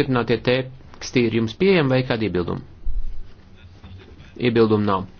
apstiprinātie teksti ir jums pieejami vai kādi iebildumi? Iebildumi nav.